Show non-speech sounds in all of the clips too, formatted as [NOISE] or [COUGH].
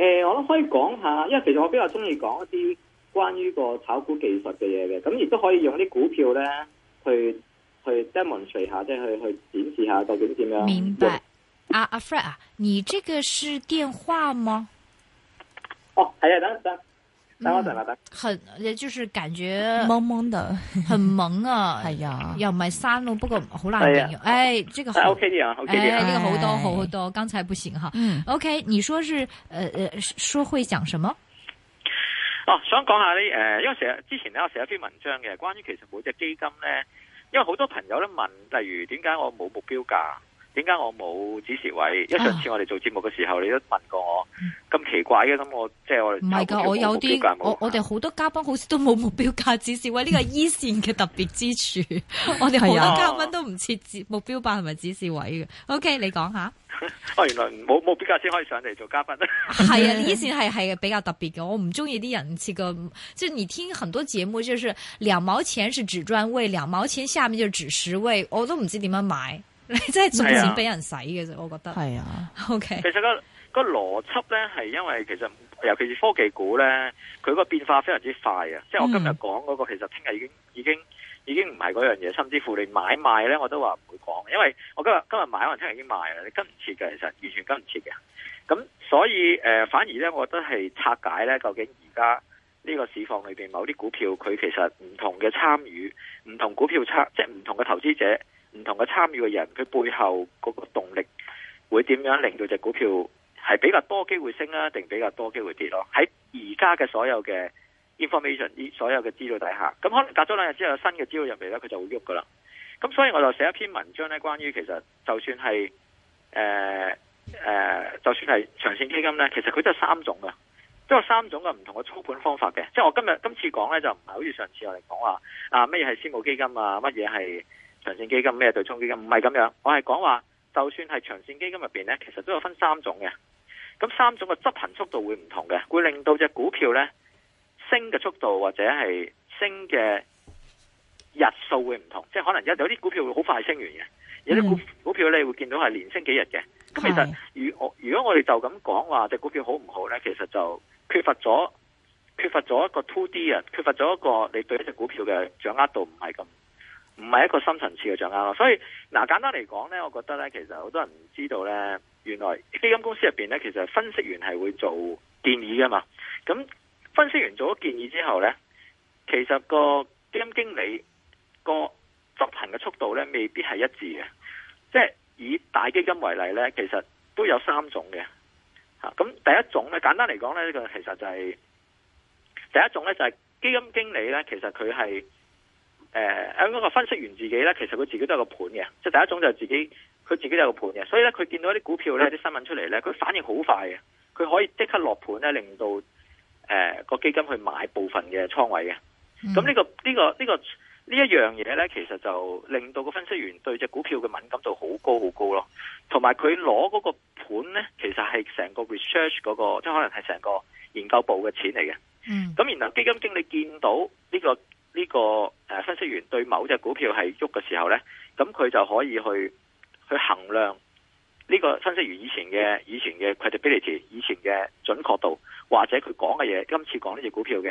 誒，我都可以講下，因為其實我比較中意講一啲關於個炒股技術嘅嘢嘅，咁亦都可以用啲股票咧去去 demonstrate 下，即係去去展示下究竟點樣。明白。阿阿 Fred 啊，你這個是電話嗎？哦，係啊，等一等。等我等很，就是感覺懵懵、啊、的，很懵啊，係 [LAUGHS] 啊，又唔係山咯，不過好難形容、啊，哎，這個好，O K o K 哎，呢、這個好多，哎、好，多好多，剛才不行哈，嗯，O、okay, K，你說是，誒、呃、誒，說會講什麼？哦、啊，想講一下啲，誒、呃，因為成日之前咧，我寫一篇文章嘅，關於其實每隻基金咧，因為好多朋友都問，例如點解我冇目標價？點解我冇指示位？因為上次我哋做節目嘅時候，你都問過我咁奇怪嘅，咁，我即係、就是、我哋，唔係噶，我有啲我我哋好多嘉賓好似都冇目標價 [LAUGHS] 指示位，呢個係一綫嘅特別之處。 [LAUGHS] 我哋好多嘉賓都唔設置目標價係咪指示位嘅。OK，你講下。 [LAUGHS] 哦，原來冇目標價先可以上嚟做嘉賓。係 [LAUGHS] 啊，一綫係係比較特別嘅。我唔中意啲人設個，即係而聽很多節目就是兩毛錢是止賺位，兩毛錢下面就止蝕位，我都唔知點樣買。你 [LAUGHS] 即係送錢俾人使嘅啫，我覺得係啊。OK，其實、嗰個、嗰個邏輯咧係因為其實尤其是科技股咧，佢個變化非常之快啊！即係我今日講嗰個，其實聽日已經已經已經唔係嗰樣嘢，甚至乎你買賣咧我都話唔會講，因為我今日今日買可能聽日已經賣啦，你跟唔切嘅，其實完全跟唔切嘅。咁所以誒、呃，反而咧，我覺得係拆解咧，究竟而家呢個市況裏邊某啲股，股票，佢其實唔同嘅參與，唔同股票差，即係唔同嘅投資者。唔同嘅參與嘅人，佢背後嗰個動力會點樣令到隻股票係比較多機會升啦，定比較多機會跌咯？喺而家嘅所有嘅 information，啲所有嘅資料底下，咁可能隔咗兩日之後有新嘅資料入嚟咧，佢就會喐噶啦。咁所以我就寫一篇文章咧，關於其實就算係誒、呃呃、就算係長線基金咧，其實佢都係三種㗎，都有三種嘅唔同嘅操盤方法嘅。即係我今日今次講咧，就唔係好似上次我哋講話啊咩嘢係私募基金啊，乜嘢係。長線基金咩對沖基金唔係咁樣，我係講話就算係長線基金入邊呢，其實都有分三種嘅。咁三種嘅執行速度會唔同嘅，會令到隻股票呢升嘅速度或者係升嘅日數會唔同。即係可能有有啲股票會好快升完嘅，mm -hmm. 有啲股股票你會見到係連升幾日嘅。咁、mm -hmm. 其實如我如果我哋就咁講話隻股票好唔好呢？其實就缺乏咗缺乏咗一個 two D 啊，缺乏咗一,一個你對一隻股票嘅掌握度唔係咁。唔係一個深層次嘅掌握咯，所以嗱簡單嚟講呢，我覺得呢，其實好多人唔知道呢，原來基金公司入邊呢，其實分析員係會做建議噶嘛。咁分析員做咗建議之後呢，其實個基金經理個執行嘅速度呢，未必係一致嘅。即係以大基金為例呢，其實都有三種嘅嚇。咁第一種呢，簡單嚟講呢，呢個其實就係、係、第一種呢，就係基金經理呢，其實佢係。誒、呃，嗰個分析員自己呢，其實佢自己都有個盤嘅，即係第一種就係自己，佢自己都有個盤嘅，所以呢，佢見到啲股票呢，啲新聞出嚟呢，佢反應好快嘅，佢可以即刻落盤呢，令到誒、呃嗰個基金去買部分嘅倉位嘅。咁、嗯、呢、呢個呢、呢個呢、呢個呢一樣嘢呢，其實就令到個分析員對隻股票嘅敏感度好高好高咯。同埋佢攞嗰個盤呢，其實係成個 research 嗰、嗰個，即係可能係成個研究部嘅錢嚟嘅。咁、嗯、然後基金經理見到呢、呢個。呢、這個誒，分析員對某隻股票係喐嘅時候呢，咁佢就可以去去衡量呢個分析員以前嘅以前嘅 credibility 以前嘅準確度，或者佢講嘅嘢，今次講呢隻股票嘅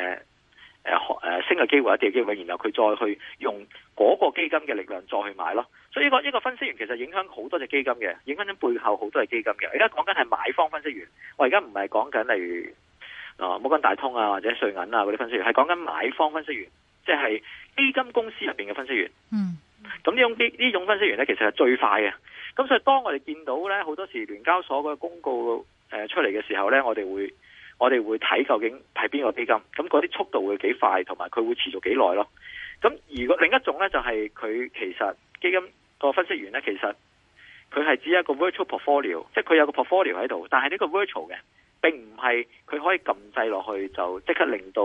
誒誒升嘅機會或者跌嘅機會，然後佢再去用嗰個基金嘅力量再去買咯。所以呢、這個呢、這個分析員其實影響好多隻基金嘅，影響緊背後好多隻基金嘅。而家講緊係買方分析員，我而家唔係講緊例如啊、哦、摩根大通啊或者瑞銀啊嗰啲分析員，係講緊買方分析員。即係基金公司入邊嘅分析員，嗯，咁呢種呢種分析員咧，其實係最快嘅。咁所以當我哋見到咧，好多時聯交所嘅公告誒出嚟嘅時候咧，我哋會我哋會睇究竟係邊個基金，咁嗰啲速度會幾快，同埋佢會持續幾耐咯。咁如果另一種咧，就係佢其實基金個分析員咧，其實佢係只有一個 virtual portfolio，即係佢有個 portfolio 喺度，但係呢個 virtual 嘅，並唔係佢可以撳制落去就即刻令到。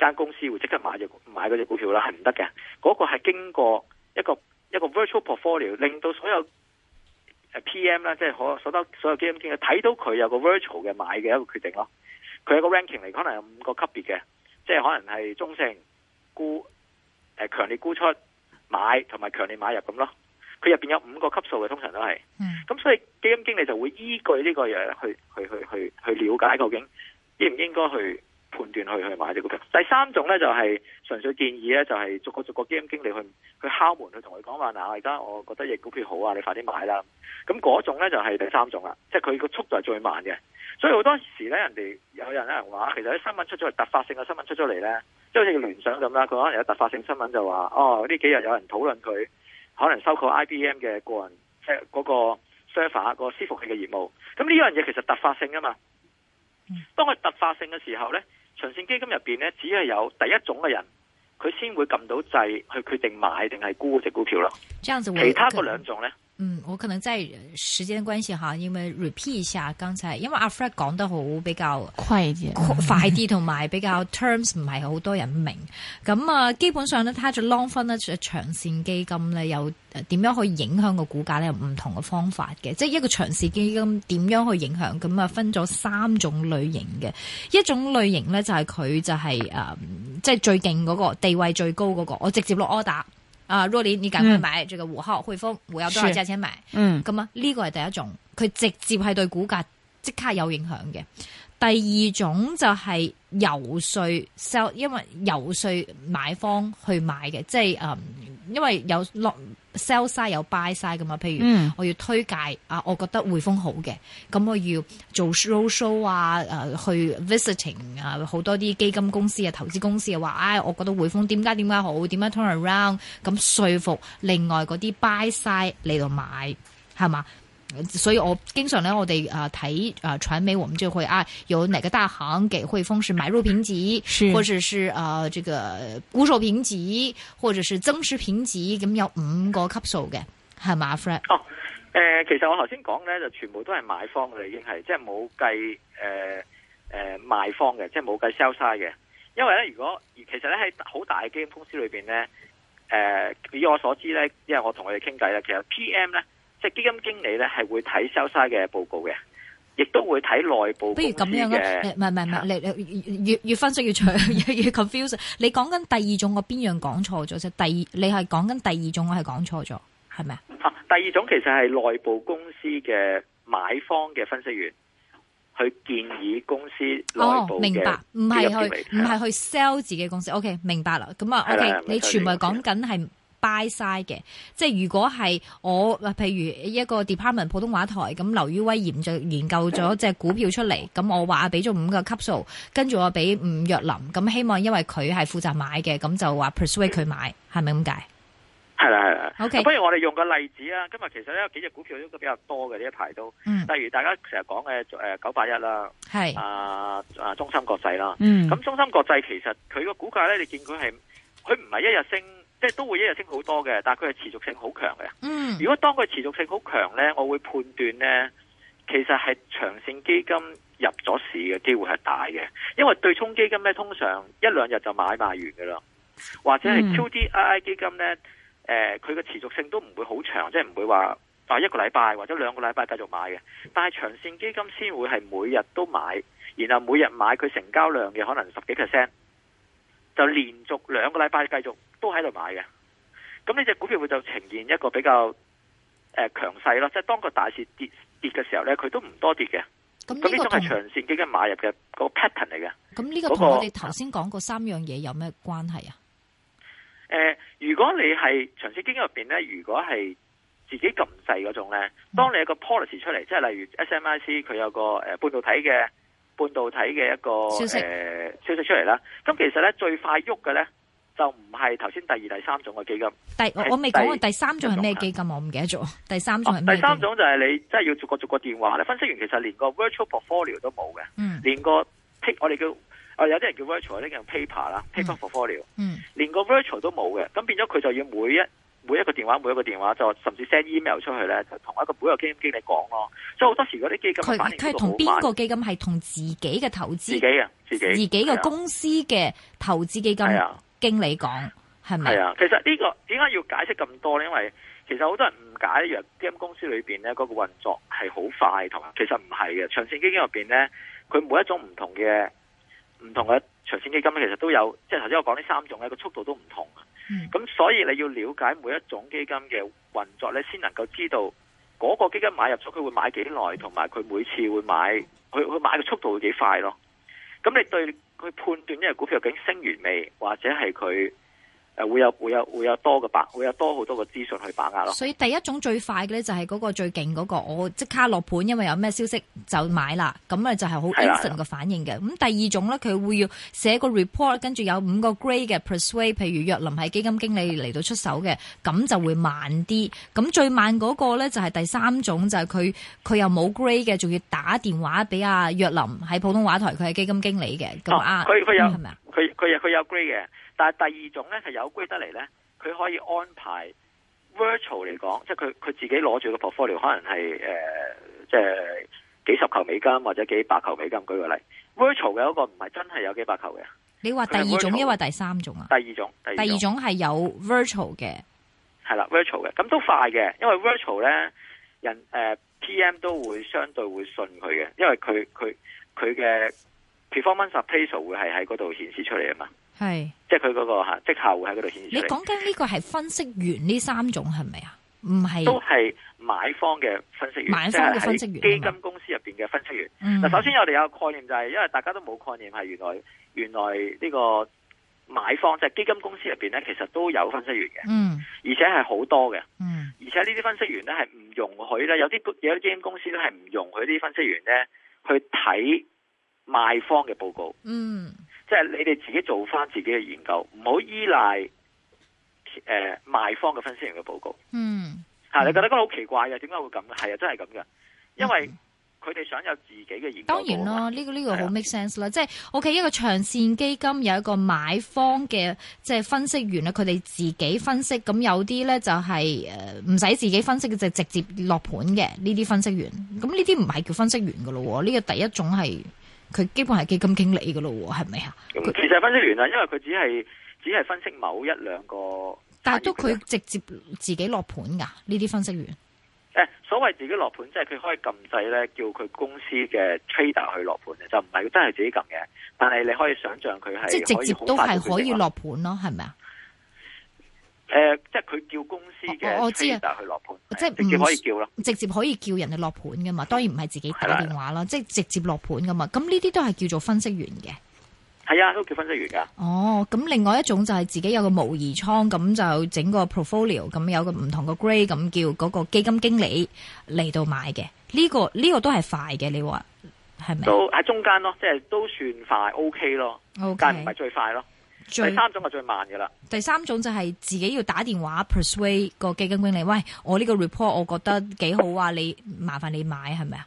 間公司會即刻買嗰隻股票啦，係唔得嘅。嗰、嗰個係經過一個一個 virtual portfolio，令到所有 PM 啦，即係可所得所有基金經理睇到佢有個 virtual 嘅買嘅一個決定咯。佢有個 ranking 嚟，可能有五個級別嘅，即係可能係中性沽、呃，強烈沽出買、買同埋強烈買入咁咯。佢入面有五個級數嘅，通常都係。咁所以基金經理就會依據呢個嘢去去去去去了解究竟應唔應該去。判斷去去買啲股票。第三種咧就係、是、純粹建議咧，就係、是、逐個逐個基金經理去去敲門去同佢講話，嗱我而家我覺得亦股票好啊，你快啲買啦。咁嗰種咧就係、是、第三種啦，即係佢個速度係最慢嘅。所以好多時咧，人哋有人有人話，其實啲新聞出咗，突發性嘅新聞出咗嚟咧，即係好似聯想咁啦。佢可能有突發性新聞就話，哦呢幾日有人討論佢可能收購 IBM 嘅個人即係嗰、那個 server 那個伺服器嘅業務。咁呢樣嘢其實是突發性啊嘛。當佢突發性嘅時候咧。長線基金入邊咧，只係有第一種嘅人，佢先會撳到掣去決定買定係沽隻股票咯。其他嗰兩種咧？嗯，我可能真係時間關係哈，因為 repeat 一下剛才，因為阿 Fred 講得好，比較快一點，快啲同埋比較 terms 唔係好多人明。咁 [LAUGHS] 啊，基本上咧，睇下 long fund 咧，長線基金咧，有點樣去影響個股價咧，有唔同嘅方法嘅。即係一個長線基金點樣去影響，咁啊，分咗三種類型嘅。一種類型咧，就係、是、佢就係、是、誒、即、呃、係、就是、最勁嗰、那個，地位最高嗰、那個，我直接落 order。啊，若你你趕快買，這個五號、嗯、匯豐我要多少價錢買？嗯，咁啊，呢個係第一種，佢直接係對股價即刻有影響嘅。第二種就係遊説 sell，因為遊説買方去買嘅，即係、嗯、因為有落。sell side 有 buy side 噶嘛，譬如、嗯、我要推介啊，我覺得匯豐好嘅，咁我要做 road show 啊，誒去 visiting 啊，好多啲基金公司啊、投資公司啊話，唉、哎，我覺得匯豐點解點解好，點樣 turn around，咁說服另外嗰啲 buy side 嚟到買，係嘛？所以我經常咧，我哋啊睇啊傳媒，我們就會啊有哪個大行給匯豐是買入評級，是，或者是啊這個沽售評級，或者是增持評級，咁有五個級數嘅，係嘛 friend？哦，誒、呃，其實我頭先講咧就全部都係買方嘅，已經係即係冇計誒誒、呃呃、賣方嘅，即係冇計 sell side 嘅。因為咧，如果其實咧喺好大嘅基金公司裏邊咧，誒、呃，以我所知咧，因為我同佢哋傾偈咧，其實 PM 咧。即基金經理咧，係會睇 sell side 嘅報告嘅，亦都會睇內部嘅。不如咁樣啊？唔係唔係，越越越分析越長越 confusing。你講緊第二種，我邊樣講錯咗啫？即第二，你係講緊第二種，我係講錯咗，係咪啊？第二種其實係內部公司嘅買方嘅分析員去建議公司。哦，明白。唔係去唔係去 sell 自己公司。OK，明白啦。咁啊，O K，你全部講緊係。buy side 嘅，即係如果係我，譬如一個 department 普通話台咁，劉于威研研究咗隻股票出嚟，咁我話俾咗五個級數，跟住我俾吳若林，咁希望因為佢係負責買嘅，咁就話 persuade 佢買，係咪咁解？係啦，係啦，okay，不如我哋用個例子啦。今日其實咧，幾隻股票都比較多嘅，呢一排都、嗯，例如大家成日講嘅誒九八一啦，係啊啊中芯國際啦，咁、嗯、中芯國際其實佢個股價咧，你見佢係佢唔係一日升。即係都會一日升好多嘅，但係佢係持續性好強嘅。嗯，如果當佢持續性好強呢，我會判斷呢，其實係長線基金入咗市嘅機會係大嘅，因為對沖基金呢，通常一兩日就買賣完嘅啦，或者係 QDII 基金呢，誒佢嘅持續性都唔會好長，即係唔會話啊一個禮拜或者兩個禮拜繼續買嘅。但係長線基金先會係每日都買，然後每日買佢成交量嘅可能十幾 percent，就連續兩個禮拜繼續。都喺度買嘅，咁呢隻股票會就呈現一個比較、呃、強勢咯，即係當個大市跌跌嘅時候咧，佢都唔多跌嘅。咁呢種係長線基金買入嘅個 pattern 嚟嘅。咁呢個同我哋頭先講過三樣嘢有咩關係啊？呃、如果你係長線基金入面咧，如果係自己撳掣嗰種咧，當你有一個 policy 出嚟，即係例如 SMIC 佢有個半導體嘅半導體嘅一個消息、呃、消息出嚟啦，咁其實咧最快喐嘅咧。就唔係頭先第二、第三種嘅基金。第，第我未講過第三種係咩基金？嗯、我唔記得咗。第三種係、啊、第三種，種就係你真係要逐個逐個電話，你分析完其實連個 virtual portfolio 都冇嘅、嗯，連個 pick 我哋叫啊有啲人叫 virtual 呢叫 paper 啦、嗯、，paper portfolio，、嗯、連個 virtual 都冇嘅。咁變咗佢就要每一、每一個電話，每一個電話就甚至 send email 出去咧，就同一個每一個基金經理講咯。所以好多時嗰啲基金佢係同邊個基金係同自己嘅投資自己啊自己自己嘅公司嘅投資基金啊。經理講係咪？係啊，其實呢、這個點解要解釋咁多咧？因為其實好多人誤解一樣基金公司裏邊咧嗰個運作係好快，同其實唔係嘅，長線基金入邊咧，佢每一種唔同嘅唔同嘅長線基金其實都有，即係頭先我講呢三種咧，個速度都唔同。咁、嗯、所以你要了解每一種基金嘅運作咧，先能夠知道嗰個基金買入咗佢會買幾耐，同埋佢每次會買佢佢買嘅速度會幾快咯。咁你對？去判斷一隻股票究竟升完未，或者係佢。誒，會有會有會有多嘅會有多好多嘅資訊去把握咯。所以第一種最快嘅咧，就係嗰個最勁嗰、嗰個，我即刻落盤，因為有咩消息就買啦。咁啊，就係好 instant 嘅反應嘅。咁第二種咧，佢會要寫個 report，跟住有五個 grade 嘅 persuade，譬如若林係基金經理嚟到出手嘅，咁就會慢啲。咁最慢嗰個咧，就係第三種，就係佢佢又冇 grade 嘅，仲要打電話俾阿、啊、若林喺普通話台，佢係基金經理嘅咁啊，佢佢有係咪啊？佢佢佢有 grade 嘅。但係第二種咧係有規得嚟咧，佢可以安排 virtual 嚟講，即係佢佢自己攞住個 portfolio，可能係誒、呃、即係幾十球美金或者幾百球美金。舉個例，virtual 嘅嗰個唔係真係有幾百球嘅。你話第二種，抑或第三種啊？第二種，第二種係有 virtual 嘅，係啦，virtual 嘅。咁都快嘅，因為 virtual 咧人、呃、PM 都會相對會信佢嘅，因為佢佢佢嘅 performance ratio 會係喺嗰度顯示出嚟啊嘛。係，即係佢嗰個吓，即係客戶喺嗰度顯示。你講緊呢個係分析員呢三種係咪啊？唔係，都係買方嘅分析員，買方嘅分析員係咪，即係基金公司入邊嘅分析員。嗱、嗯，首先我哋有個概念就係，因為大家都冇概念係原來原來呢個買方即係基金公司入邊咧，其實都有分析員嘅，嗯，而且係好多嘅，嗯，而且呢啲分析員咧係唔容許咧，有啲有啲基金公司咧係唔容許啲分析員咧去睇賣方嘅報告，嗯。即係你哋自己做返自己嘅研究，唔好依賴誒賣方嘅分析員嘅報告。嗯，吓、嗯啊、你覺得嗰個好奇怪嘅？點解會咁？係啊，真係咁嘅，因為佢哋想有自己嘅研究，嗯。當然咯、呢、這個呢、這個好 make sense 啦、啊。即係 OK，一個長線基金有一個買方嘅即係分析員咧，佢哋自己分析。咁有啲咧就係誒唔使自己分析嘅，就是，直接落盤嘅呢啲分析員。咁呢啲唔係叫分析員噶咯？呢、這個第一種係。佢基本係基金經理嘅咯，係咪啊？其實分析員啊，因為佢只係只係分析某一兩個。但係都佢直接自己落盤噶，呢啲分析員。誒，所謂自己落盤，即係佢可以撳掣咧，叫佢公司嘅 trader 去落盤嘅，就唔係真係自己撳嘅。但係你可以想象佢係即係直接都係可以落盤咯，係咪啊？誒、呃，即係佢叫公司嘅，我知但係佢落盤，即係直接可以叫咯，直接可以叫人哋落盤噶嘛。當然唔係自己打電話啦，即係直接落盤噶嘛。咁呢啲都係叫做分析員嘅，係啊，都叫分析員噶。哦，咁另外一種就係自己有個模擬倉，咁就整個 portfolio，咁有個唔同嘅 grade，a d 咁叫嗰個基金經理嚟到買嘅。呢、這個呢、這個都係快嘅，你話係咪？都喺中間咯，即係都算快，OK 咯，okay. 但係唔係最快咯。第三種係最慢嘅啦。第三種就係自己要打電話 [NOISE] persuade 個基金經理，喂，我呢個 report 我覺得幾好啊，你麻煩你買係咪啊？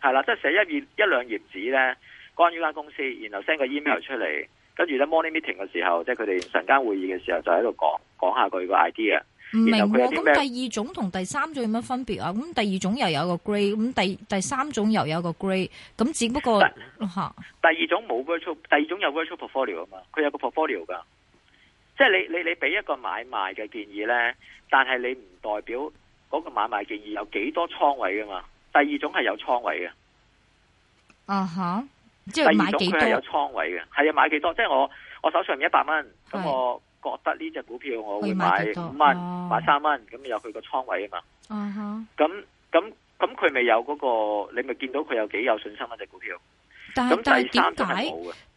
係啦，即係、就是、寫一頁一兩頁紙咧，關於間公司，然後 send 個 email 出嚟，跟住咧 morning meeting 嘅時候，即係佢哋晨間會議嘅時候，就喺、是、度講講下佢個 idea。唔明喎，咁第二種同第三種有乜分別啊？咁第二種又有一個 grade，咁第第三種又有一個 grade，咁只不過吓，第二種冇 virtual，第二種有 virtual portfolio 啊嘛，佢有個 portfolio 噶，即係你你你俾一個買賣嘅建議咧，但係你唔代表嗰個買賣建議有幾多倉位噶嘛？第二種係有倉位嘅，啊吓，即係買幾多？佢係有倉位嘅，係啊，買幾多？即係我我手上面一百蚊咁我。覺得呢隻股票我會買五蚊，買三蚊，咁、哦、有佢個倉位啊嘛。嗯哼，咁咁咁佢咪有嗰、那個？你咪見到佢有幾有信心呢、啊、隻股票？但係但係點解？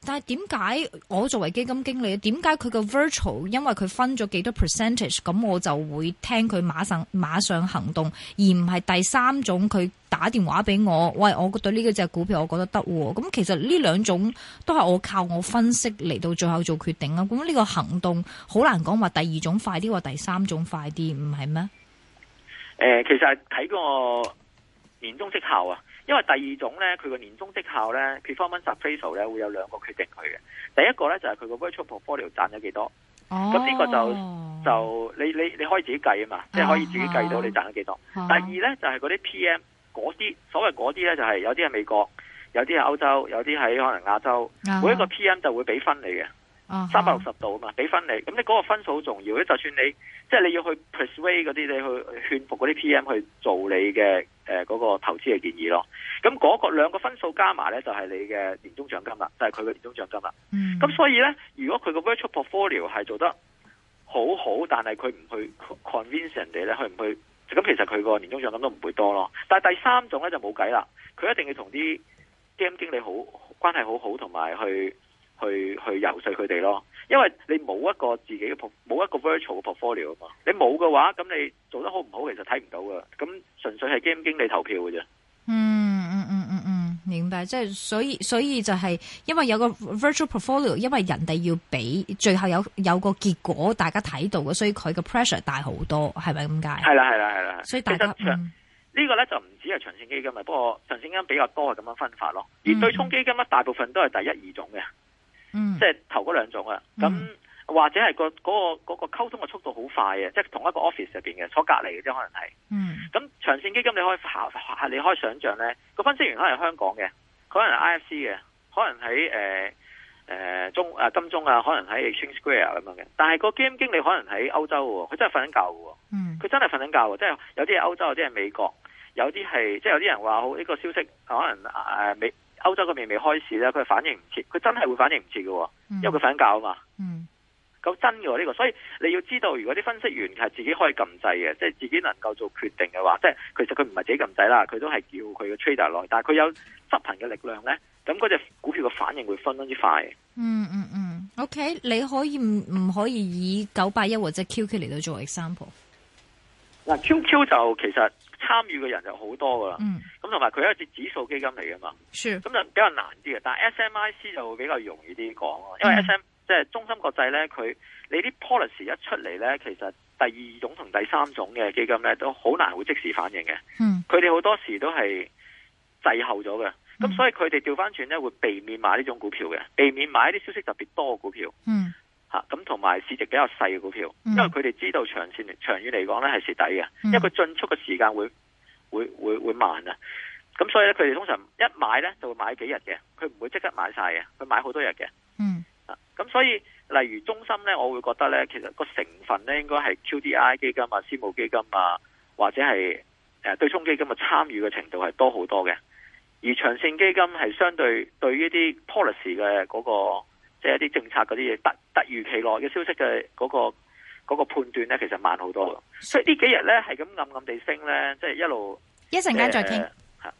但係點解我作為基金經理？點解佢個 virtual？因為佢分咗幾多 percentage，咁我就會聽佢馬上馬上行動，而唔係第三種佢打電話俾我。喂，我對呢個隻股票我覺得得。咁其實呢兩種都係我靠我分析嚟到最後做決定啊。咁呢個行動好難講話，第二種快啲，話第三種快啲，唔係咩？誒，其實係睇個年終績效啊。因為第二種咧，佢個年終績效咧，performance appraisal 咧會有兩個決定佢嘅。第一個咧就係佢個 virtual portfolio 賺咗幾多，咁、oh. 呢個就就你你你可以自己計啊嘛，uh -huh. 即係可以自己計到你賺咗幾多。Uh -huh. 第二咧就係嗰啲 PM 嗰啲所謂嗰啲咧就係、是、有啲係美國，有啲係歐洲，有啲喺可能亞洲，uh -huh. 每一個 PM 就會俾分你嘅。三百六十度啊嘛，俾分你，咁你嗰個分數好重要，就算你即係、就是、你要去 persuade 嗰啲，你去勸服嗰啲 PM 去做你嘅誒嗰個投資嘅建議咯。咁、那、嗰個兩個分數加埋咧，就係、是、你嘅年終獎金啦，就係佢嘅年終獎金啦。咁、嗯、所以咧，如果佢個 virtual portfolio 係做得好好，是好，係好好，但係佢唔去 convince 人哋咧，佢唔去？咁其實佢個年終獎金都唔會多咯。但係第三種咧就冇計啦，佢一定要同啲 game 經理好關係好好，同埋去。去去遊說佢哋咯，因為你冇一個自己嘅冇一個 virtual 嘅 portfolio 啊嘛，你冇嘅話，咁你做得好唔好，其實睇唔到噶，咁純粹係基金經理投票嘅啫。嗯嗯嗯嗯嗯，明白，即係所以所以就係、是、因為有個 virtual portfolio，因為人哋要俾最後有有個結果，大家睇到嘅，所以佢嘅 pressure 大好多，係咪咁解？係啦係啦係啦，所以大家呢、嗯這個咧就唔止係長線基金啊，不過長線基金比較多係咁樣分法咯，而對沖基金咧大部分都係第一、嗯、二種嘅。嗯，即係頭兩種啊，咁、嗯、或者係個嗰、嗰個嗰、嗰個溝通嘅速度好快嘅，即係同一個 office 入邊嘅，坐隔籬嘅啫，可能係。嗯。咁長線基金你可以你可以想象咧，個分析員可能係香港嘅，可能係 I F C 嘅，可能喺誒誒中誒、啊、金鐘啊，可能喺 Exchange Square 咁樣嘅。但係個基金經理可能喺歐洲喎，佢真係瞓緊覺喎。嗯。佢真係瞓緊覺喎，即係有啲係歐洲，有啲係美國，有啲係即係有啲人話好呢個消息可能誒、呃、美。歐洲佢未未開市咧，佢反應唔切，佢真係會反應唔切嘅，因為佢瞓覺啊嘛。嗯，咁真嘅呢，這個，所以你要知道，如果啲分析員係自己可以撳掣嘅，即係自己能夠做決定嘅話，即係其實佢唔係自己撳掣啦，佢都係叫佢嘅 trader 來但係佢有執行嘅力量咧，咁嗰隻股票嘅反應會分得之快。嗯嗯嗯，OK，你可以唔唔可以以九八一或者 QQ 嚟到做 example？嗱，啊，QQ 就其實。參與嘅人就好多噶啦，咁同埋佢係一支指數基金嚟噶嘛，咁、sure. 就比較難啲嘅。但 SMIC 就會比較容易啲講咯，因為 SM、嗯、即係中芯國際咧，佢你啲 policy 一出嚟咧，其實第二種同第三種嘅基金咧都好難會即時反應嘅。佢哋好多時都係滯後咗嘅，咁、嗯、所以佢哋調翻轉咧會避免買呢種股票嘅，避免買一啲消息特別多嘅股票。嗯吓、啊，咁同埋市值比較細嘅股票，因為佢哋知道長線長遠嚟講咧係蝕底嘅，因為佢、嗯、進出嘅時間會會會會慢啊，咁所以咧佢哋通常一買咧就會買幾日嘅，佢唔會即刻買晒嘅，佢買好多日嘅。嗯，咁、啊、所以例如中心咧，我會覺得咧，其實個成分咧應該係 QDII 基金啊、私募基金啊，或者係、呃、對沖基金嘅參與嘅程度係多好多嘅，而長線基金係相對對於啲 policy 嘅嗰、那個。即係一啲政策嗰啲嘢，突突如其來嘅消息嘅嗰個嗰個判斷咧，其實慢好多。所以呢幾日咧係咁暗暗地升咧，即係一路一陣間再傾。呃